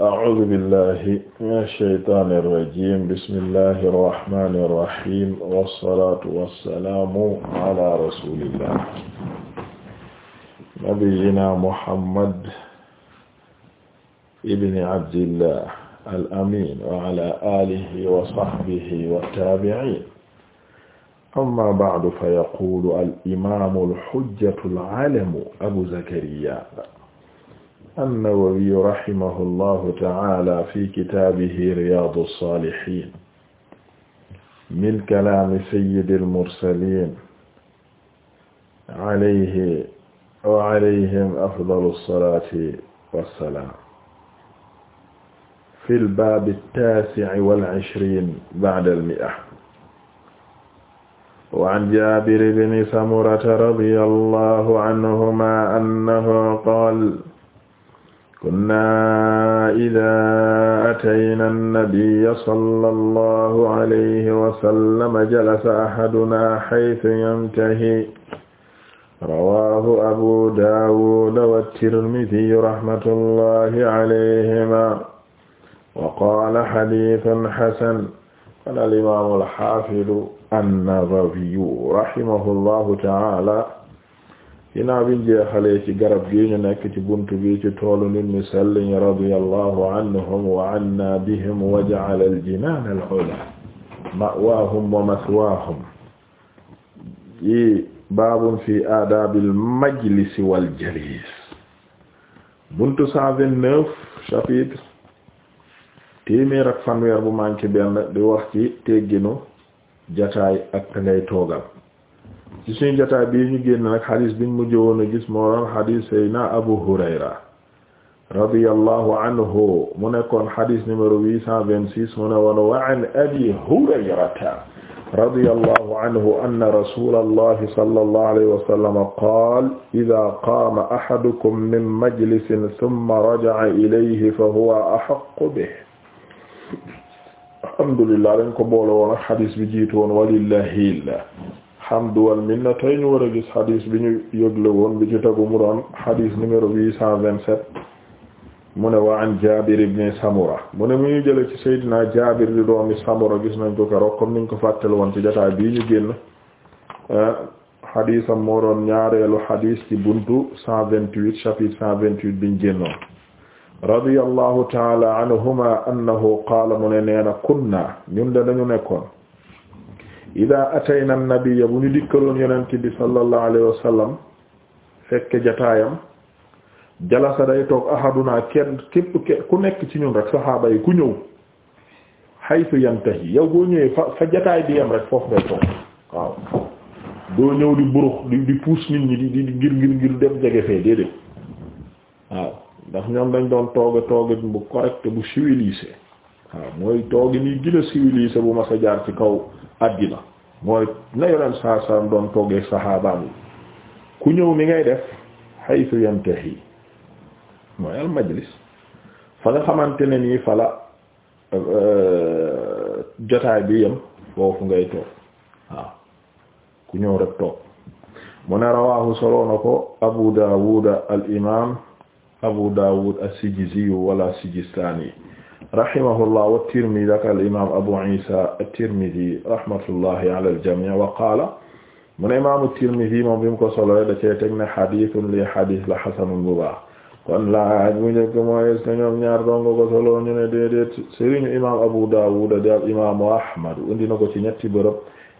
أعوذ بالله من الشيطان الرجيم بسم الله الرحمن الرحيم والصلاة والسلام على رسول الله نبينا محمد ابن عبد الله الأمين وعلى آله وصحبه والتابعين أما بعد فيقول الإمام الحجة العالم أبو زكريا an-Nawawi rahimahullahu ta'ala fi kitaabihi Riyaadu Saalihiin min kalaami sayyidil mursaliin alayhi wa alayhim afdalu salaati wa salaam fil baabi taasi'i wal ishriin ba'dal mi'a wa an Jaabir ibn Samurata radiyallahu anhumaa annahu qaala kunna idaa atayna nabiyya sallallahu alayhi wa sallam jalasa ahaduna haythu yantahi rawaahu abu daawud wa tirmidhi rahmatullahi alayhima wa qaala hadiithun hasan qaala al-imaamu al-haafidu an-nawawi rahimahullahu ta'aala ginaaw biñ jeexalee ci garab gi ñu nekk ci bunt bi ci toolu nit ñu sell ñi radiyallahu anhum wa anna bihim wa ja'ala al-jinaana al-'ulaa ma'waahum wa mathwaahum yi baabun fi aadaabil majlisi wal jaliis buntu cent vingt-neuf chapitre téeméer ak fanweer bu manqué benn di wax ci tegginu jataay ak ngay ci suñu jotaay bii ñu génn nag xadis biñ mujj woon a gis moo doon xadis Seydina Abu Hurayra radiyallahu anhu mu nekkoon xadis numéro 826 mu ne woon wa an Abi Hurayrata radiyallahu anhu anna rasulallahi sallallahu alayhi wa sallam qaala idhaa qaama ahadukum min majlisin thumma raja'a ilayhi fa huwa ahaqqu bihi alhamdulillah dañ ko boole woon ak xadis bi jiitu woon walillahi alhamdu wal minna tey ñu war a gis xadis bi ñu yëgle woon bi ci tegu mu doon xadis numéro huit cent vingt-sept mu ne wa an Jaabir ibn Samura mu ne mu ñu jële ci Seydina Jaabir di doomi Samura gis nañ ko keroog comme niñ ko fàttal woon ci jotaay bii ñu génn eh, xadisam moo doon ñaareelu xadis ci buntu cent vingt-huit chapitre cent vingt-huit biñ génnoon radiyallahu taala anhuma annahu mu ne nee na kunna ñun de ñu nekkoon ida atayna an-nabiyya bu ñu dikkaloon yonent bi sallallahu alayhi fekke jataayam jalasa day toog ahaduna kenn képp ku nekk ci ñun rek saxaaba yi ku ñëw haythu yantahi yow boo ñëwee fa fa jataay bi yam rek foofu ngay toog waaw doo ñëw di burux di di puus nit ñi di di ngir ngir ngir dem jege fee déedéet waaw ndax ñoom dañ doon tooga toogit bu correct bu civilisé waaw mooy toogi ni gën a civilisé bu ma sa jaar ci kaw àddina mooy na yoneen doon toggee saxaabaam ku ñëw mi ngay def haythu yantahi mooy al majlis fa xamante ne ni fa la euh, jotaay bi yem foofu ngay toog waaw ku ñëw rek toog mu ne rawaahu solo ko Abu Dawud al imaam Abu Dawud as-Sijizi wala Sijistani rahimahullah wa Tirmidhi ak al imaam Abu Isa at-Tirmidhi rahmatullahi ala al-jamii wa qaala mu ne imaamu Tirmidhi moom bi mu ko solo da cee teg ne xadiisun li xadiis la xasanun bu baax kon laaj bu njëkk mooy est-ce que ñoom ñaar dongo ko solo ñu ne déedéet sëriñu imaam Abu Dawud di al imaamu Ahmad indi na ko ci ñetti bërëb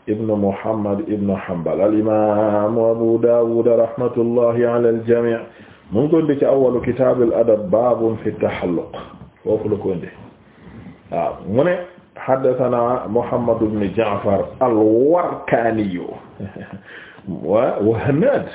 ibn Muhammad ibn Hanbal al imaamu Abu Dawud rahmatullahi ala al-jamii mu ngi ko indi ci awwalu kitaabil adab baabun fi at-tahalluq foofu la ko indi waaw mu ne haddathana Muhammad ibn Ja'far al-Warkani wa wa Hannad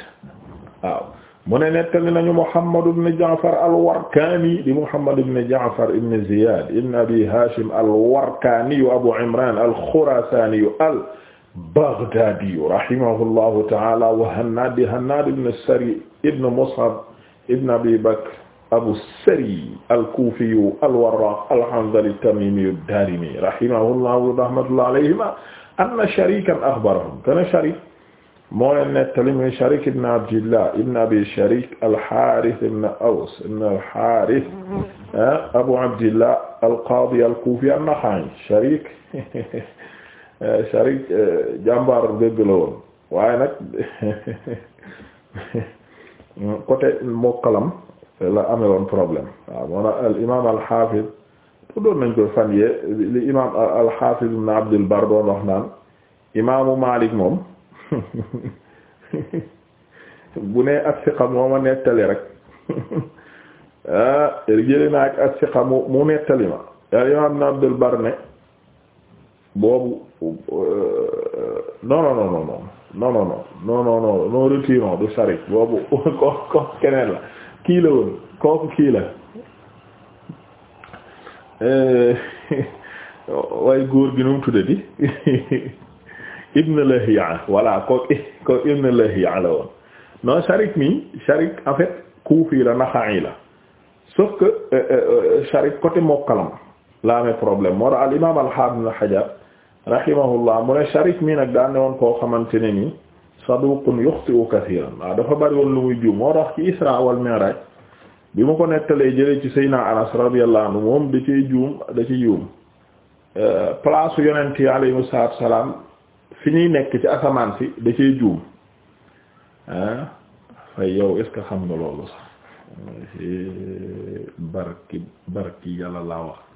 waaw mu ne nettali nañu Muhammad ibn Ja'far al-Warkani di Muhammad ibn Ja'far ibn Ziyad ibn Abi Hashim al-Warkani Abu Imran al-Khurasani al-Baghdadi rahimahullahu ta'ala wa Hannad Hannad ibn Sari ibn Mus'ab ibn Abi Bakr abu sari alkuufiyu alwarraq alhanzali tamimiyu daarimi rahimahullahu rahmatullah alayhima anna sharikan axbarahum kana sharik moo leen nettali muy sharik ibn abdillah ibn abi sharik alxaaris ibn aws ibn alxaaris ah, abu abdillah alqaadi alkuufi annaxaañ sharik sharik eh, jàmbaar dëgg la woon waaye nag côté mokkalam la amewoon problème waaw moo na al imam alxafiz tuddoon nañ koy fan yee li imam alxafiz ibn Abdul Barr doon wax naan imaamu Maalik moom bu ne as-siqa moo ma nettali rek ah jëlee naa ak as-siqa mu mu nettali ma al imam ibn Abdul Barr ne boobu non non non non non non non non non non non retirons du sarik boobu ko ko keneen la kii la woon kooku kii la eh, waaye góor gi nu mu tudde di ibn Lahiya voilà kooku kooku ibn Lahiya la woon non Sharik mi Sharik en fait kuufi la naxa'i la sauf que eh, eh, Sharik côté mokkalam la amee problème moo tax al imaam al-Hafiz Ibn Hajar rahimahullah mu ne Sharik mi nag daan ne woon koo xamante ne nii saduqun yuxti'u kathiran waaw dafa bari woon lu muy juum moo ci isra wal mi'raj bi mu ko nettalee jëlee ci Seydina Anas radiyallahu anhu moom da ciy juum da ci juum euh, place yonent yi alayhimu salaatu salaam fi ñuy nekk ci asamaan si da ciy juum ah fay yow est xam nga loolu sax barki barki yàlla laa wax.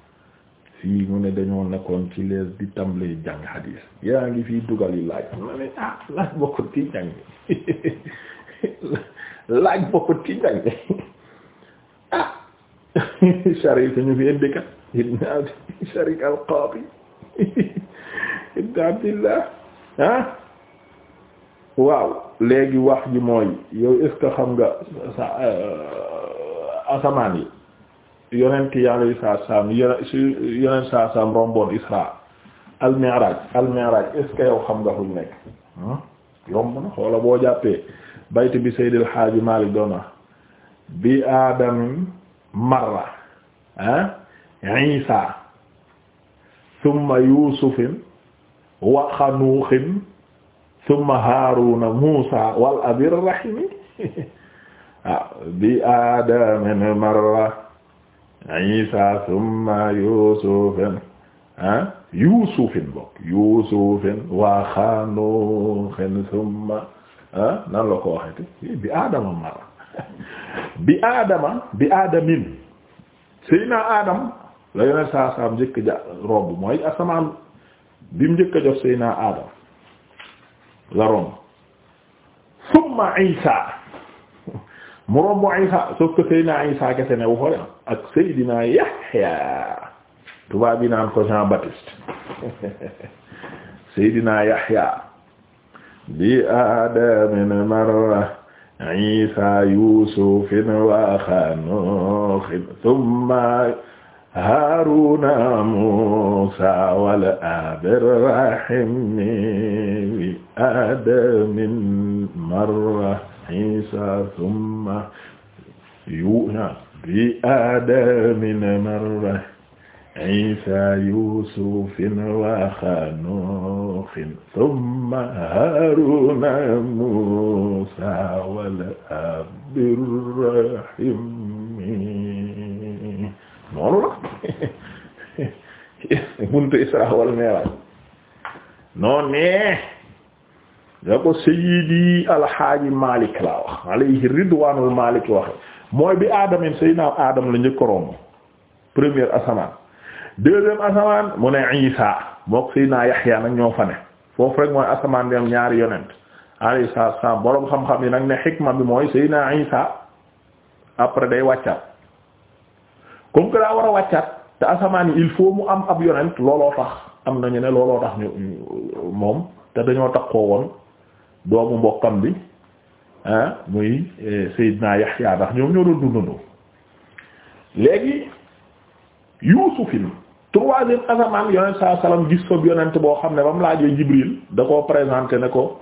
fii mu ne dañoo nekkoon ci lees di tàmbalee jàng hadis yaa ngi fii dugal yi laaj ma ne ah laaj bokkut ci jàng laaj bokkut ci jàng ah Sharif ñu fi indi kat ibn Sharif al-Qadi ibn Abdillah ah waaw léegi wax ji mooy yow est-ce xam nga sa euh, asamaan yi yonent yi alayhi salaam yonent saa saam romboon Isra al mi'raj al mi'raj est ce que yow xam nga fuñ nekk hmm? yomb na xoola boo jàppee bayt bi Seydil Haaji Maalik doon na bi aadamin marra ah Isa thumma Yuusufin wa Xanuuxin thumma Haaruna Muusa wal abi rahimi ah bi aadamin marra isa summa yusufin ah yusufin bokk yusufin waa xanuxin summa ah nan la ko waxete bi adama mara bi adama bi adamin seyna adam la yoneen saa saam njëkk ja romb mooy asamaan bi mu njëkk a jox seyna adam la romb summa isa mu romb Isa sauf que Seydina Isa kese ne wu fa ak Seydina Yahya tubaab yi naan ko Jean Baptiste Seydina Yahya bi Adamin marra Isa Yusufin wa Xanuxin thumma Haruna Musa wal Abrahim bi Adamin marra isa summa yu bi adamin marra isa yusufin wa xanuxin summa haruna musa wala abdirrahimi noonu la buntu isra wal mi'raj noonu ne da ko sayyidi alxaaji Malik laa wax alayhi ridwaanul Malik waxe mooy bi aadamin sayyidina Adam la njëkk romb première asamaan deuxième asamaan mu ne Isa mook sayyidina Yaxya nag ñoo fa ne foofu rek mooy asamaan dem ñaari yonent alayhi salaam boroom xam-xam yi nag ne xikma bi mooy sayyidina Isa après day wàccaat comme que daa war a wàccaat te asamaan yi il faut mu am ab yonent looloo tax am nañu ne looloo tax ñu moom te dañoo takkoo woon doomu mbokkam bi ah muy eh, Seydina Yaxya ndax ñoom ñoo doon dundandoo léegi Yuusufin troisième asamaan yonent saa salaam gis fa yonent boo xam ne ba mu laajee Jibril da koo présenté ne ko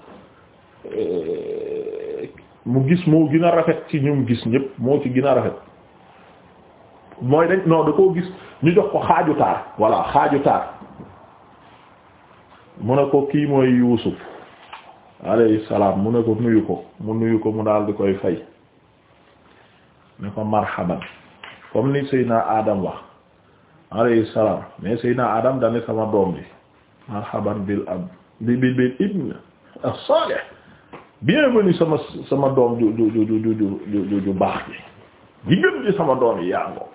eh, mu gis moo gin a rafet ci ñum gis ñëpp moo ci gin a rafet mooy dañ non da koo gis ñu jox ko xaaju taar voilà xaaju taar mu ne ko kii mooy Yuusuf alayhi salaam mu ne ko nuyu ko mu nuyu ko mu daal di koy fay ne ko marhaban comme ni Seydina Adam wax alayhi salaam mais Seydina Adam dane sama doom bi marhaban bil ab bi bi bil ibn as-salih bienvenue sama sama doom ju ju ju ju ju ju baax ji ji gën ji sama doom yi yaa ngoo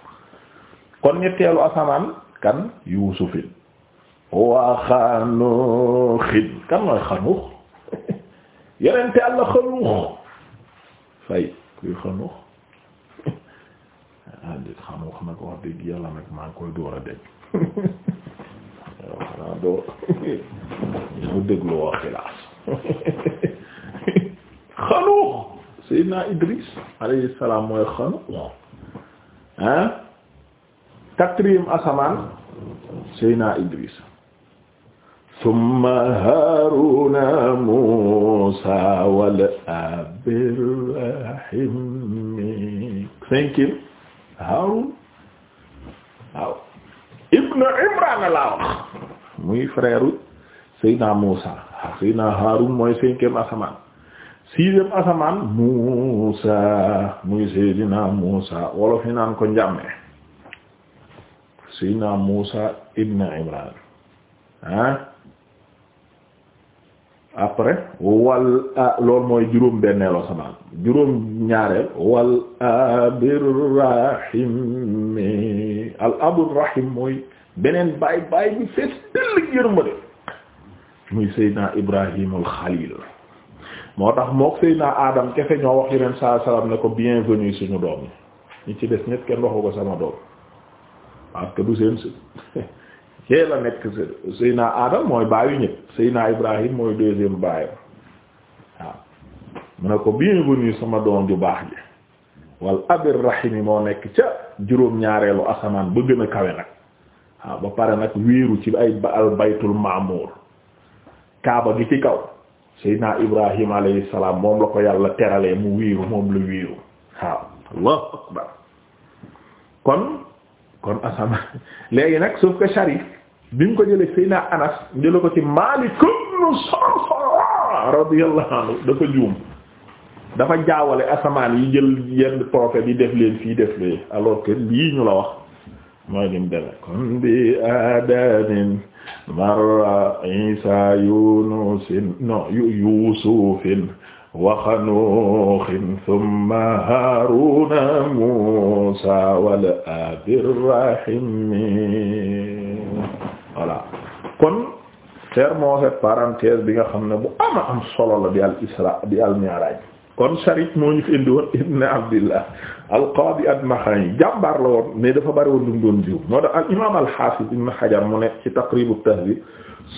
kon ñetteelu asamaan kan yuusufin waa xanuuxin kan mooy xanuux yeneen te àll xanuux fay kuy xanuux ah dit xanuux nag wax dëgg yàlla nag maa ngi koy door xanaa door yow déglu woo xilaas xanuux Seydina Idris alayhi salaam mooy xanuux ah quatrième asamaan Seydina Idris summa haaruna muusa wal abirrahimi cinquième haarun waaw ibnu imrana laa muy frère seydna muusa ah, seydna haarun mooy cinquième asamaan sixième asamaan muusa muy seydna muusa wolof yi naan ko njàmme seydna muusa ibnu imrana ah après wal a loolu mooy juróom benneelu asamaan juróom ñaareel wal abirrahimi al abirrahim mooy beneen baay baay bi fees dëll yërmande muy Seydina Ibrahimul Xaliil moo tax mook Seydina Adam kefe ñoo wax yeneen saa salaam ne ko bienvenue suñu doom yi ñu ci des ñett kenn waxu ko sama doom parce du seen si kee la nekk Seyna Adam mooy baayu ñëpp Seyna Ibrahim mooy deuxième baayam waaw mu ne ko bienvenue sama doom ju baax ji wal abir rahimi moo nekk ca juróom-ñaareelu asamaan ba gën a kawe nag waaw ba pare nag wéeru ci ay al baytul maamur kaaba gi ci kaw Seyna Ibrahim alayhi salaam moom la ko yàlla teralee mu wéeru moom la wéeru waaw allahu akbar kon kon asamaan léegi nag sauf que Sharif bi mu ko jëlee Seyna Anas jëlee ko ci Maalik ibn Sarxara radiyallahu anhu dafa juum dafa jaawale asamaan yi jël yenn trophée di def leen fii def leen alors que lii ñu la wax mooy lim deme kon bi adamin marra isa yunusin no yusufin waxanuuxin thumma haaruna musa wal abirrahimi voilà kon faire moo cette parenthèse bi nga xam ne bu ama am solo la bi al isra bi al mi'raj kon sharik moo ñu fi indi woon ibn abdillah al qadi admakhani jàmbaar la woon mais dafa bari woon lu mu doon jiw moo tax al imam al hafiz ibn hajar mu nekk ci taqrib at tahdhib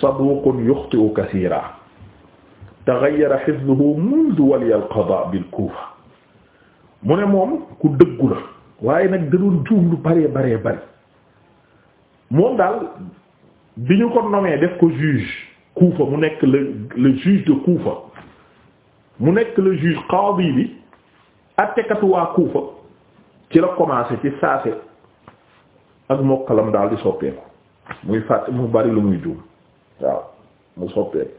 saduqun yukhti'u kathira taghayyara hifdhuhu mundu wali al qada bil kufa mu ne moom ku dëggu la waaye nag da doon juum lu bëree bëree bëri moom daal bi ñu ko nommé def ko juge Kufa mu nekk le le de Kufa mu nekk le juge qadi bi attekatu waa Kufa ci la commencé ci saase ak mokkalam daal di soppeeku muy fàtt mu bari lu muy juum waaw mu soppeeku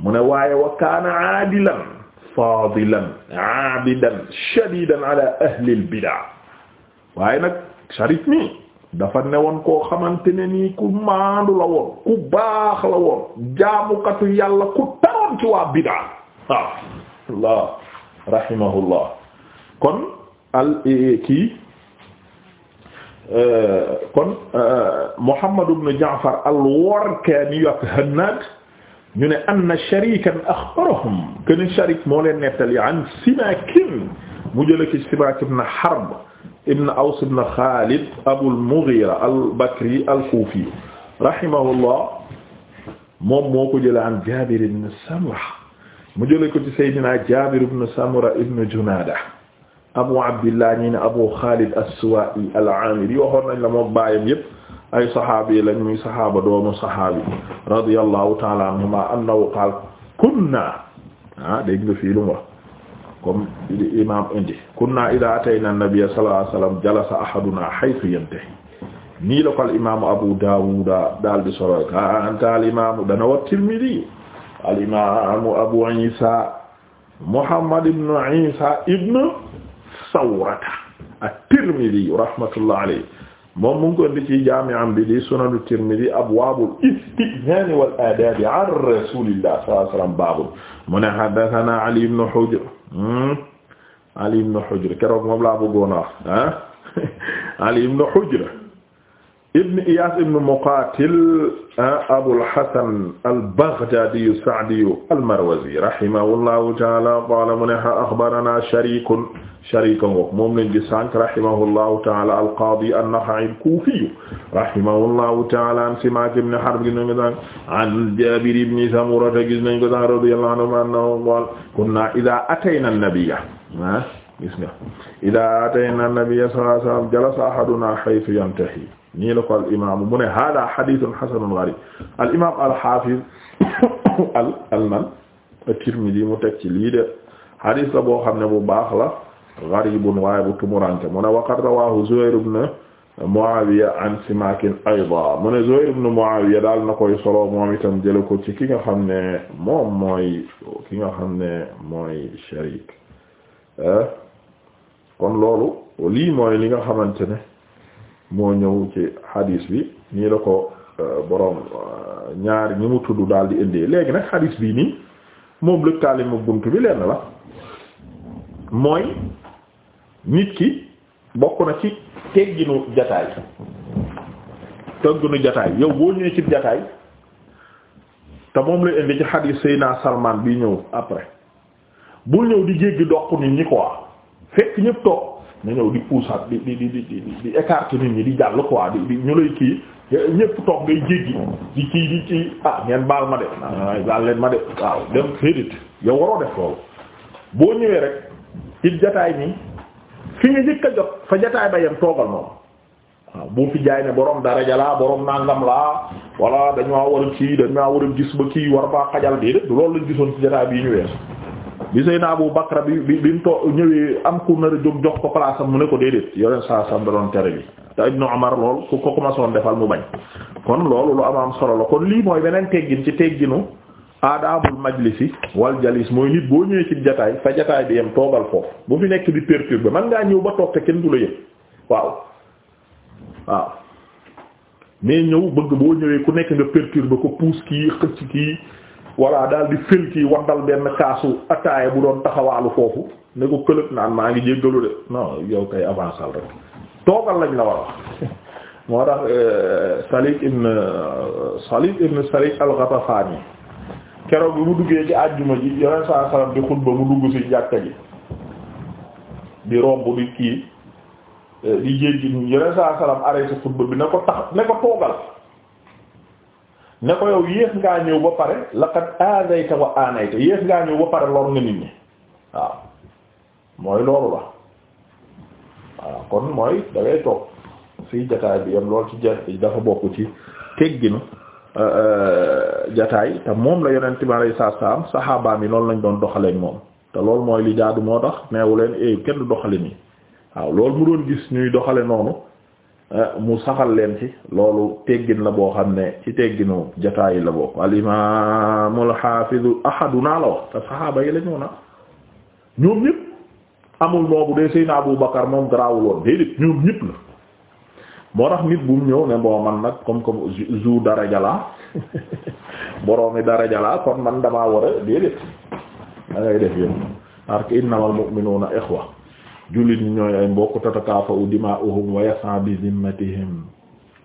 mu ne waaye wa kaana aadilan fadilan aabidan shadidan ala ahli al bidaa waaye nag Sharif mi dafa newoon koo xamante ne ni ku maandu la woon ku baax la woon jaamukatu yàlla ku taroon ci waa bidaa ah, waaw allah rahimahullah kon al eh, eh, kii eh, kon Muhammad ibn Ja'far al-Warkani ak Hannad ñu ne anna sharikan akhbarahum ken sharik moo leen nettali an Simakin mu jële ci Simak ibn Harb ibn Aws ibn Khalid Abul Mughira al-Bakri al-Kufi rahimahullah moom moo ko jëlee an Jabir ibn Samura mu jëlee ko ci Seydina Jabir ibn Samura ibn Junada Abu Abdillah ñi ne Abu Khalid as-Suwa'i al-Amiri waxoon nañ la moom baayam yépp ay saxaabi lañ muy saxaaba doomu saxaabi radiyallahu ta'ala anhuma annahu qaala kunna ah dégg nga fii lu mu wax comme imam indi kunna ida atayna nabiyya sallallahu alayhi wasallam jalasa ahaduna haythu yantahi nii la ko al imamu Abu Dawud daal di solo kanta al imamu dana wa Tirmidhi al imamu Abu Isa Muhammad ibn Isa ibn Sawrata at-Tirmidhi rahmatullah alayhi moom mu ngi ko indi ci jaami'am bi di sunanu Tirmidhi abwaabul istizaan wal aadaab an Rasuulillah sallallahu alayhi wasallam baabul mu ne haddathana Ali ibn Hujr Hmm? Ali ibn Hujr keroog moom laa bëggoon a wax ah Ali ibn Hujr ibn Iyas ibn Muqatil ah, Abul Hasan al-Baghdadi as-Sa'di al-Marwazi rahimahullahu ta'ala qala mu ne akhbarana Sharik Sharik ngoog moom lañ gis sànq rahimahullahu ta'ala al-Qadi an-Nakha'i al-Kufi rahimahullahu ta'ala an Simak ibn Harb gis nañ ko sànq an Jabir ibn Samura gis nañ ko sànq radiyallahu anhu qala kunna idha atayna an-nabiyya ah, gis nga idha atayna an-nabiyya sallallahu alayhi wa sallam jalasa ahaduna haythu yantahi nii la ko al imaamu mu hada hadithun hasanun gharib al imaam al hafiz al al mu teg ci lii de hadith la boo xam ne bu baax la gharibun waaye bu tumurante mu ne waqad rawahu Zuhayr ibn Muawiya an Simakin ayda mu ne Zuhayr ibn Muawiya daal na koy solo moom itam jële ko ci ki nga xam ne moom mooy ki nga xam ne mooy Sharik eh? kon loolu lii mooy li nga xamante ne moo ñëw ci hadis bi nii la ko euh, borom euh, ñaar ñi mu tudd daal di indee léegi nag hadis bii nii moom lëkkaale mu bunt bi lenn la mooy nit ki bokk na ci tegginu jataay tegginu jataay yow boo ñëwee ci jataay te moom la indi ci hadis Seyna Salman bi ñëw après bul ñëw di jéggi doq nit ñi quoi fekk ñëpp toog. na ñëw di puusat di di di di di écarter di jàll quoi di di ñu lay kii ñëpp toog ngay jéggi di kii di kii ah ngeen baal ma de waaw ah, baal leen ma de waaw dem féedéet yow waroo def loolu boo ñëwee rek it jataay ni fi nga njëkk jot fa jataay ba yem toogal noonu waaw bu fi jaay ne borom daraja laa borom nangam la wala dañu maa war a kii dañu maa war a gis ba kii war baa xajal déedéet loolu lañ gisoon ci jataay bii ñu weesu bi Seydina Abu Bakra bi bi bi mu too ñëwee am ku nar a jóg jox ko place mu ne ko déedéet yore saa saa da doon tere bi te Ibnu Umar lool ku ko commencé woon defal mu bañ kon loolu lu am am solo la kon lii mooy beneen teggin ci tegginu aadaabul majlisi wal jalis mooy nit boo ñëwee ci jataay fa jataay bi yem toogal foofu bu fi nekk di bi man ngaa ñëw ba toog te kenn du la yëg waaw waaw mais ñëw bëgg boo ñëwee ku nekk nga perturber ko voilà daal di fël kii waddal benn kaasu ataaya bu doon taxawaalu foofu ne ko këlëb naan maa ngi jéggalu de non yow kay avancé rek toogal lañ la war a wax moo tax euh, Salik ibn euh, Salik ibn Salik al-Ghatafani keroog bi mu duggee ci àjjuma ji yoneen saa salam di xutba mu dugg ci jàkka ji di romb di kii euh, di jéggi yoneen saa salam arrêté xutba bi ne ko tax ne ko toogal ne ko yow yéex ngaa ñëw ba pare la aadayta wa aanayta yéex ngaa ñëw ba pare lor nga nit ñi waaw mooy loolu la waaw kon mooy da ngay toog fii jataay bi yam lool ci ja dafa bokk ci tegginu euh, euh, jataay te moom la yonent bi alayhi salaam saxaabaam yi noonu lañ doon doxalee moom te loolu mooy li jaadu moo tax neewu leen eh, kenn du doxale nii waaw loolu mu doon gis ñuy doxale noonu Eh, mu saxal leen ci loolu teggin la boo xam ne ci tegginu jataayi la bokk al imaamul xaafizu ahaduna la wax te saxaaba yi la na ñoom ñëpp amul boobu de Seydina Abu Bakar moom garaawul déedéet ñoom ñëpp la moo tax nit bu ñëw ne boo man nag comme comme zu daraja la boroomi daraja la kon man damaa war a déedéet da ngay def yéen parce que innamal mu'minuuna ixwa jullit ñi ñooy ay mbokk tatakaafa u dimaa'uhum wa yas'a bi zimmatihim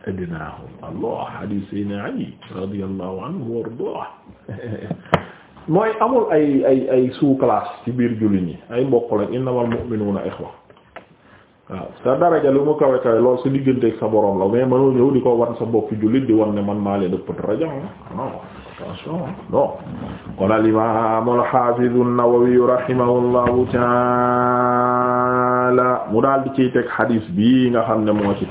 adnaahum allah hadith sayna ali radiyallahu anhu wa ardaah mooy amul ay ay ay sous classe ci biir jullit ñi ay mbokk lañ innamal mu'minuuna ixwa waaw sa daraja lu mu kawe lool sa digganteeg sa borom la mais mënoo ñëw di ko wan sa mbokk jullit di wan ne man maa leen ëpp daraja ah, non attention bon kon al imam al hafiz an-Nawawi rahimahullahu taala mu daal di ciy teg hadis bi nga xam ne moo ci